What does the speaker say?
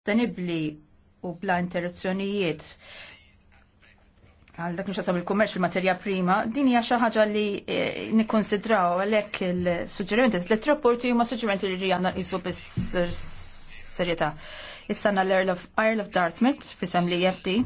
sostenibli u bla interazzjonijiet għal dak nxasab il-kummerċ fil-materja prima, din hija xi ħaġa li eh, nikkonsidraw għalhekk il-suġġerimenti tliet rapporti huma suġġerimenti li rjana qisu bis-serjetà. Issa l-Earl of Dartmouth fisem li jefti.